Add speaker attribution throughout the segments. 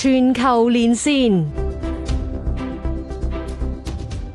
Speaker 1: 全球連線。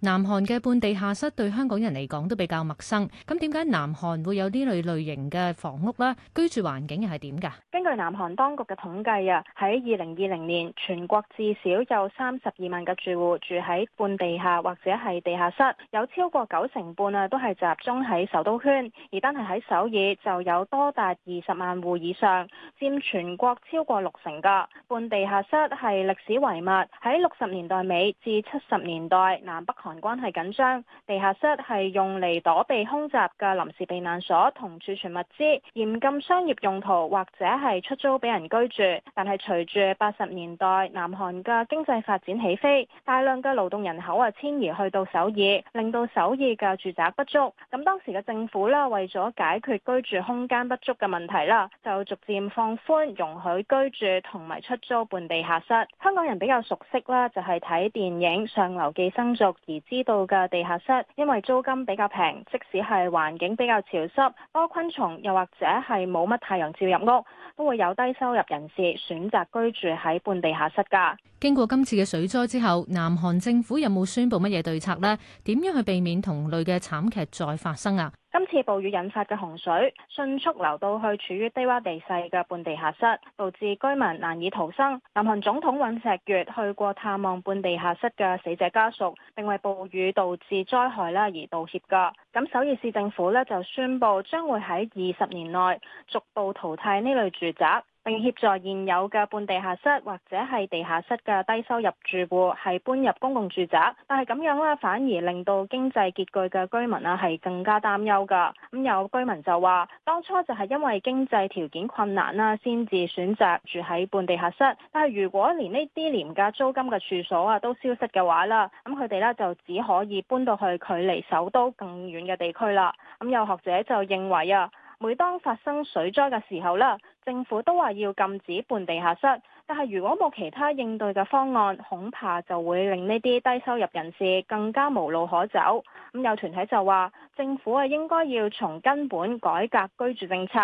Speaker 1: 南韓嘅半地下室對香港人嚟講都比較陌生，咁點解南韓會有呢類類型嘅房屋呢？居住環境又係點㗎？
Speaker 2: 根據南韓當局嘅統計啊，喺二零二零年，全國至少有三十二萬嘅住戶住喺半地下或者係地下室，有超過九成半啊都係集中喺首都圈，而單係喺首爾就有多達二十萬戶以上，佔全國超過六成的。嗰半地下室係歷史遺物，喺六十年代尾至七十年代南北韓關係緊張，地下室係用嚟躲避空襲嘅臨時避難所同儲存物資，嚴禁商業用途，或者係出租俾人居住。但係隨住八十年代南韓嘅經濟發展起飛，大量嘅勞動人口啊遷移去到首爾，令到首爾嘅住宅不足。咁當時嘅政府啦，為咗解決居住空間不足嘅問題啦，就逐漸放寬容許居住同埋出租半地下室。香港人比較熟悉啦，就係睇電影《上流寄生族》知道嘅地下室，因為租金比較平，即使係環境比較潮濕、多昆蟲，又或者係冇乜太陽照入屋，都會有低收入人士選擇居住喺半地下室噶。
Speaker 1: 經過今次嘅水災之後，南韓政府有冇宣布乜嘢對策呢？點樣去避免同類嘅慘劇再發生啊？
Speaker 2: 今次暴雨引發嘅洪水迅速流到去處於低窪地勢嘅半地下室，導致居民難以逃生。南韓總統尹錫悅去過探望半地下室嘅死者家屬，並為暴雨導致災害而道歉噶。咁首爾市政府呢就宣布將會喺二十年內逐步淘汰呢類住宅，並協助現有嘅半地下室或者係地下室嘅低收入住戶係搬入公共住宅，但係咁樣呢，反而令到經濟拮據嘅居民呀係更加擔憂噶。咁有居民就話：當初就係因為經濟條件困難啦，先至選擇住喺半地下室。但係如果連呢啲廉價租金嘅住所啊都消失嘅話啦，咁佢哋呢就只可以搬到去距離首都更遠嘅地區啦。咁有學者就認為啊，每當發生水災嘅時候啦。政府都話要禁止半地下室，但係如果冇其他應對嘅方案，恐怕就會令呢啲低收入人士更加無路可走。咁有團體就話，政府啊應該要從根本改革居住政策，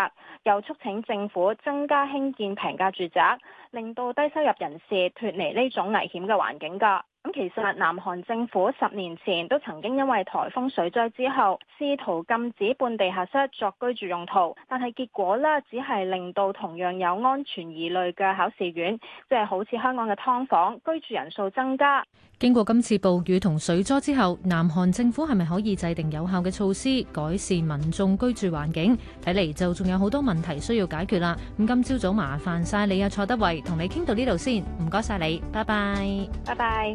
Speaker 2: 又促請政府增加興建平價住宅，令到低收入人士脱離呢種危險嘅環境㗎。咁其實南韓政府十年前都曾經因為颱風水災之後，試圖禁止半地下室作居住用途，但係結果呢，只係令到同樣有安全疑慮嘅考試院，即係好似香港嘅劏房居住人數增加。
Speaker 1: 經過今次暴雨同水災之後，南韓政府係咪可以制定有效嘅措施改善民眾居住環境？睇嚟就仲有好多問題需要解決啦。咁今朝早麻煩晒你啊，蔡德蕙，同你傾到呢度先，唔該晒你，拜拜，拜拜。